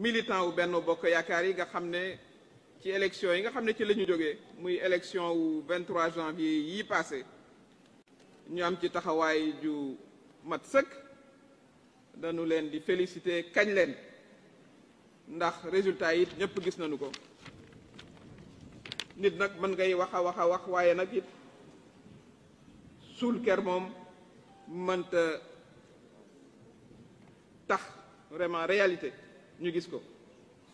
Militants ou Benno bokk Yakari, yi nga xam ne ci élection yi nga xam ne ci la ñu jógee élection ou 23 janvier yii passé ñu am ci taxawaay du mat Nous dañu leen di féliciter kañ leen ndax résultat yi ñëpp gis nañu ko nit nag mën ngay wax a wax a wax waaye nag it suul ker moom mënta vraiment réalité ñu gis ko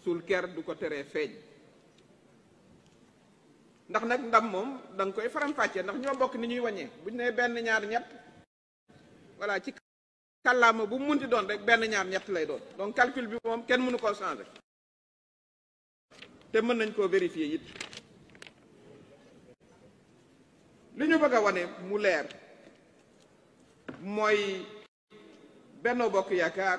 suul ker du ko teree feeñ ndax nag ndam moom danga koy faramfàccee ndax ñoo bokk ni ñuy wañee bu ñu nee benn ñaar ñett voilà ci kàllaama bu mu munti doon rek benn ñaar ñett lay doon donc calcul bi moom kenn mënu koo changer te mën nañ koo vérifier it li ñu bëgg a wane mu leer mooy Benno Bokk Yaakaar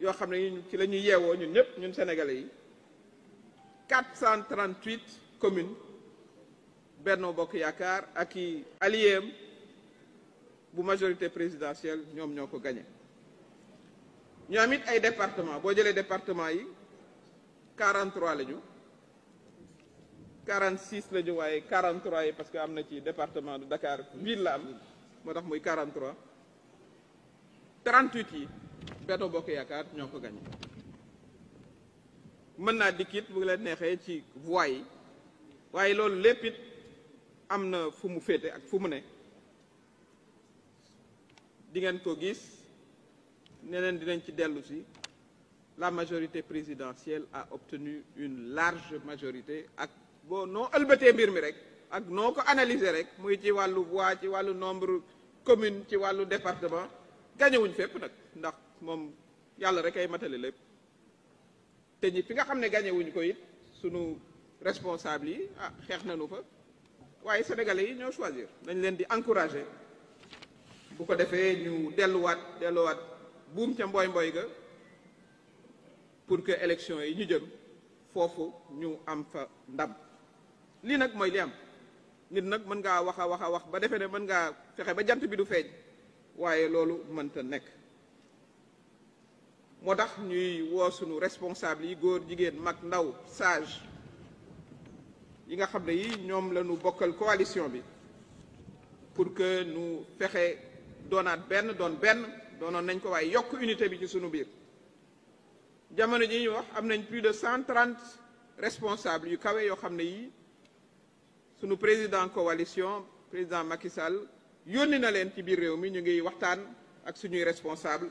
yo xamné ci sommes yéwo sénégalais 438 communes Benno Bokk yakar ak i pour bu majorité présidentielle nous avons gagné Nous avons mis ay départements. bo les départements yi 43 les 46 les wayé 43 parce que nous ci département de Dakar ville 43 38 yi peto Bokk yakar ñoko gagné gañe mën naa dikkit bu leen neexee ci voie yi waaye loolu lépit amna am na fu mu féete ak fu mu ne di ngeen ko gis neneen dinañ ci dellu ci la majorité présidentielle a obtenu une large majorité ak bo non ëlbatee mbir mi rek ak noko analyser rek muy ci walu voie ci walu nombre commune ci walu département gagné gañewuñ fep nak ndax moom yàlla rek ay matale lépp te ñi fi nga xam ne gagné wuñ ko it sunu responsable yi ah xeex na nañu fa waaye sénégalais yi ñoo choisir dañ leen di encourager bu ko defee ñu delluwaat delluwaat buum ca mbooy mbooy ga pour que élection yi ñu jëm foofu ñu am fa ndab lii nag mooy li am nit nag mën ngaa wax a wax a wax ba defee ne mën ngaa fexe ba jant bi du feeñ waaye loolu mënta nekk moo tax ñuy responsables sunu responsable yi góor jigéen mag ndaw sage yi nga xam ne yi ñoom la coalition bi pour que nous fexe donat ben, don ben, donon nañ ko way yok unité bi ci sunu biir jamono ji ñu wax am nañ plus de 130 responsables yu kawé yo xamné yi sunu président coalition président Macky Sall yonina len ci biir réew mi ñu ngi waxtaan ak suñu responsable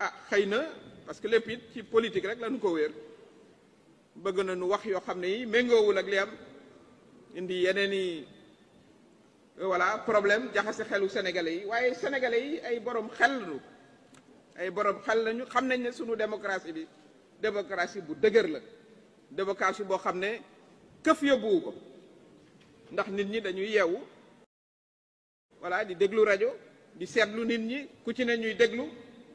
ah xëy na parce que lépp it ci politique rek lañu ko wéer bëgg na nu wax yoo xam ne yi méngoowul ak li am indi yeneen yi euh, voilà problème jaxase xelu sénégalais yi waaye sénégalais yi ay borom xel lañu ay borom xel lañu xam nañ ne sunu démocratie bi démocratie bu dëgër la démocratie boo xam ne këf yóbbuwu ko ndax nit ñi dañuy yeewu voilà di déglu rajo di seetlu nit ñi ku ci ne ñuy déglu.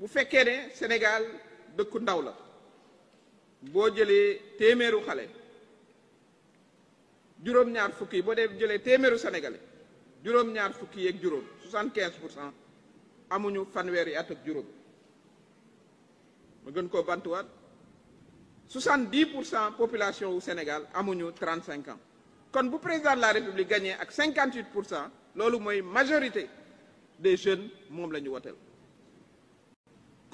bu fekkee ne Sénégal dëkku ndaw la boo jëlee téeméeru xale juróom-ñaar fukki yi boo dee jëlee téeméeru sénégalais juróom-ñaar fukki yi ak juróom 75 pour cent amuñu fanweeri at ak juróom ma gën koo bantuwaat 70 pour cent population wu Sénégal amuñu 35 ans kon bu président de la République gagné ak 58 pour cent majorité des jeunes moom la ñu woteel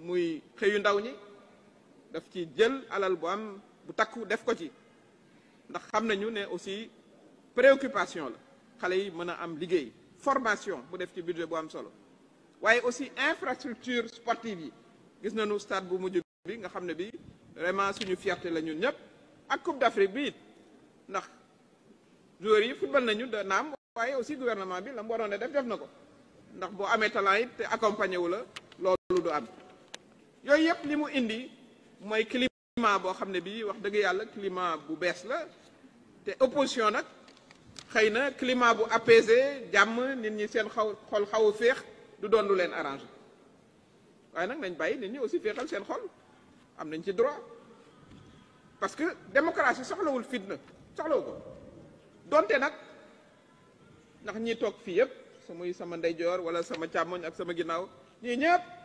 muy xeyu ndaw ñi daf ci jël alal bu am bu takku def ko ci ndax xam nañu ne aussi préoccupation la xale yi mën a am liggéey formation bu def ci budget bu am solo waaye aussi infrastructure sportive yi gis nañu stade bu mujj bi nga xam ne bi vraiment suñu fierté la ñun ñëpp ak coupe d'Afrique bi it ndax joueurs yi football nañu de naam waaye aussi gouvernement bi la mu waroon def def na ko ndax boo amee talent it te accompagné wu la loolu du am yooyu yëpp li mu indi mooy climat boo xam ne bii wax dëgg yàlla climat bu bees la te opposition nag xëy na climat bu apaisé jàmm nit ñi seen xaw xol xaw a du doon lu leen arrangé waaye nag nañ bàyyi nit ñi aussi féexal seen xol am nañ ci droit parce que démocratie soxlawul fitna soxlawu ko donte nag ndax ñi toog fii yëpp samuy sama ndeyjoor wala sama càmmoñ ak sama ginnaaw ñii ñëpp.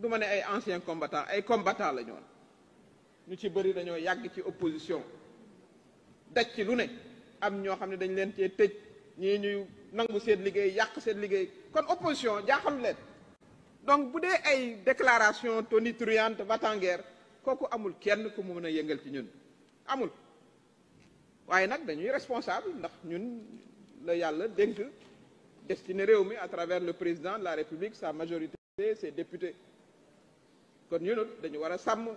du ma ne ay anciens combattants ay combattants la ñoon ñu ci bari dañoo yàgg ci opposition dacc ci lu ne am ño xam dañ leen ci tëj ñi ñuy nangu seen liggéey yàq seen liggéey kon opposition jaaxalu leen donc bu dee ay déclaration tonitruante va t guerre kooku amul kenn ku mu mën a yëngal ci ñun amul waaye nag dañuy responsable ndax ñun la yàlla dénk destiné réew mi à travers le président de la République sa majorité ses députés kon ñunut dañu wara sam sàmm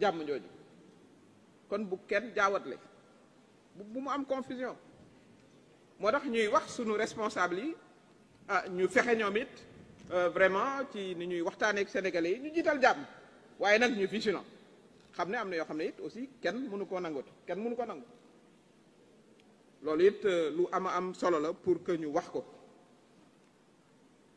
jàmm kon bu kenn jaawatle bu mu am confusion motax ñuy wax suñu responsable yi ah ñu fexé ñomit euh, vraiment ci ni ñuy waxtaanee ak sénégalais ñu jital jàmm waaye nak ñu vigilant xam ne am na yoo it aussi kenn mënu ko nangot kenn mënu ko nangu loolu it euh, lu ama am solo la pour que ñu wax ko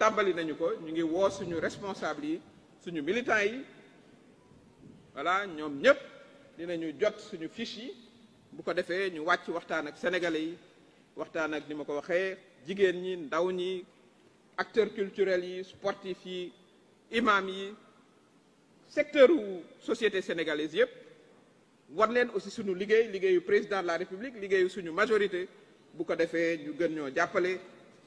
tàmbali nañu ko ñu ngi wo suñu responsable yi suñu militant yi wala ñom ñep dinañu jot suñu fiche yi bu ko defee ñu wacc waxtaan ak sénégalais yi waxtaan ak nima ko waxé jigen ñi ndaw ñi acteurs culturels yi sportifs yi imam yi secteur u société sénégalaise yep war leen aussi suñu liggéey liggéeyu président de la république liggéeyu suñu majorité bu ko defee ñu gën ñoo jappalé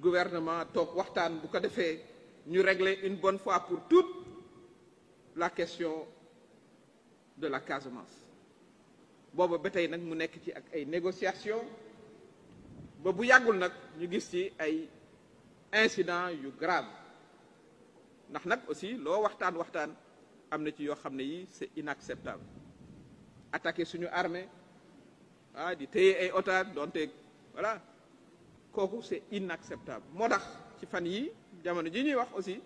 gouvernement tok waxtan bu ko defé ñu régler une bonne fois pour toutes la question de la Casamance bobu ba nak mu nekk ci ak ay négociations ba bu yagul nak ñu gis ci ay incidents yu grave ndax nak aussi lo waxtan waxtan amna ci yo xamné yi c'est inacceptable attaquer suñu armée ah di téye ay otage donté voilà c'est inacceptable moo tax ci fan yi jamono ji ñuy wax aussi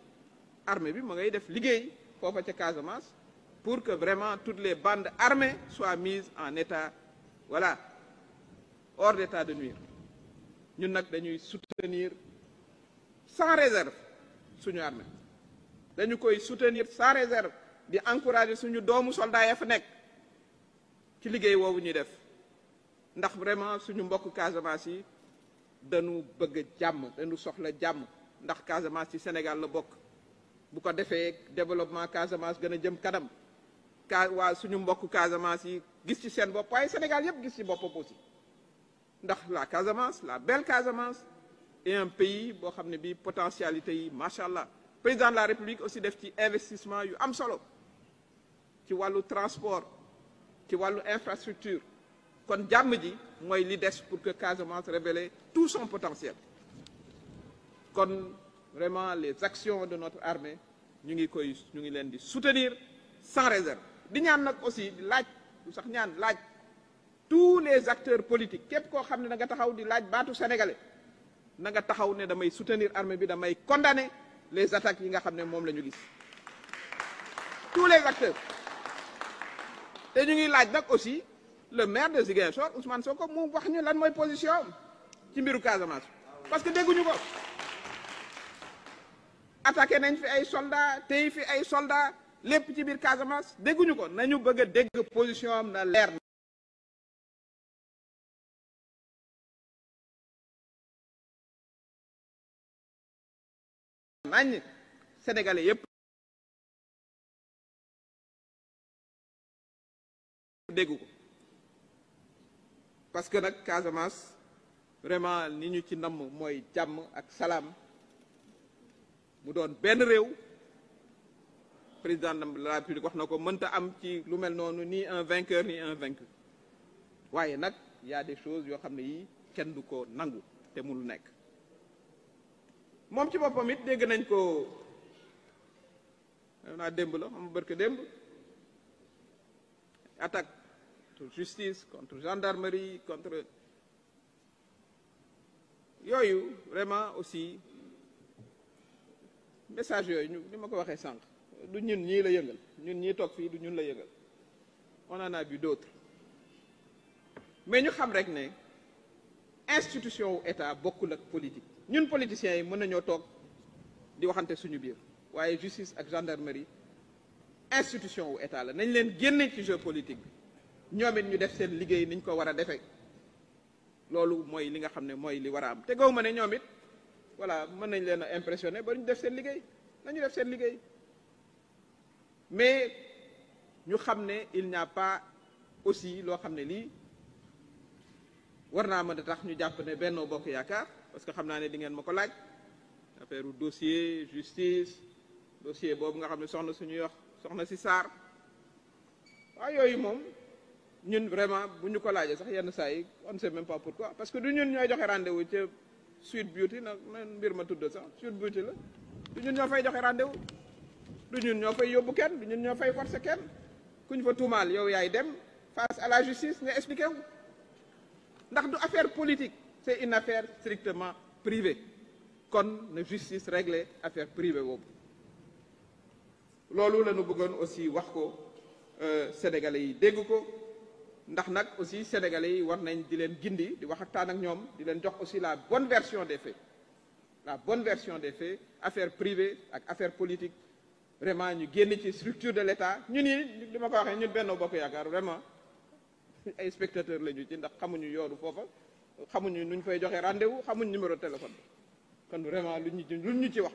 armée bi ma ngay def liggéey foofa ca Casamance pour que vraiment toutes les bandes armées soient mises en état voilà hors d'état de nuire ñun nag dañuy soutenir sans réserve suñu armée dañu koy soutenir sans réserve di encourager suñu doomu soldat ya fa nekk ci liggéey woowu ñuy def ndax vraiment suñu mbokk Casamance yi dañu bëgg jamm dañu soxla jamm ndax Casamance ci Sénégal la bok bu ko défé développement Casamance gëna jëm kadam ka wa suñu mbokk Casamance yi gis ci seen bopp waaye Sénégal yëpp gis ci boppam aussi ndax la Casamance la belle Casamance est un pays bo xamné bi potentialité yi machallah président de la République aussi def ci investissement yu am solo ci walu transport ci walu infrastructure kon jamm ji pour que Casamance révèle tout son potentiel Comme vraiment les actions de notre armée nous soutenir sans réserve Nous aussi tous les acteurs politiques soutenir les attaques tous les acteurs le maire de Ziguinchor Ousmane Soko, nous wax ñu position de ci Kazamas. parce que nous ko attaqué les soldats les soldats les petits biir Casamance Dès ko nañu bëgg position de l'air. Sénégalais parce que nak Casamance vraiment ni ñu ci namm mooy jàmm ak salam, mu ben benn réew président de la République wax na ko mënta am ci lu mel ni un vainqueur ni un vaincu waaye il y a des choses yo xam ne yi kenn du ko nangu te mu nekk moom ci boppam it dégg nañ ko naa demb la xam barke demb attaque contre justice contre gendarmerie contre yoyou, vraiment aussi message nous ñu ni ma ko nous sànq du ñun nous la yëngal ñun ñii toog fii du on en a vu d'autres mais nous xam rek ...l'institution institution wu état beaucoup de politique ñun politiciens yi mën nañoo Tok, di notre suñu biir voyez, justice ak gendarmerie institution ou état la nañ leen génne ci jeu politique ñoom ñu def seen liggéey niñ ko war a defee loolu mooy li nga xam ne mooy li war a am te gaw ma ne ñoom voilà mën nañ leen a impressionné ba ñu def seen liggéey nañu def seen liggéey mais ñu xam ne il n'y a pas aussi loo xam ne lii war naa mën a tax ñu jàpp ne Benno Bokk Yaakaar parce que xam naa ne di ngeen ma ko laaj affaire dossier justice dossier boobu nga xam ne soxna suñuy wax soxna si Sarr waaw yooyu moom ñun vraiment bu ñu ko laajee sax yenn saa on ne sait même pas pourquoi parce que du ñun ñooy rendez-vous ci Sweet Beauty nak nan mbir ma tudd sax Sweet Beauty la du ñun fay rendez-vous du ñun ñoo fay yóbbu kenn du ñun ñoo fay forcer kenn kuñ fa tuumaal yow yaay dem face à la justice nga expliqué wu ndax du affaire politique c'est une affaire strictement privée kon na justice régler affaire privée boobu lolu la ñu aussi wax ko euh, sénégalais yi dégg ko ndax nak aussi sénégalais yi war nañ di len gindi di waxtaan ak ñom di len jox aussi la bonne version des faits la bonne version des faits affaire privée ak affaire politique vraiment ñu génn ci structure de l'État ñun ni li ma ko waxee ñun Benno Bokk Yaakaar vraiment ay spectateurs lañu ci ndax xamuñu yoru fofu xamuñu nuñ fay joxe rendez-vous xamuñu numéro de téléphone kon vraiment luñu luñu ci wax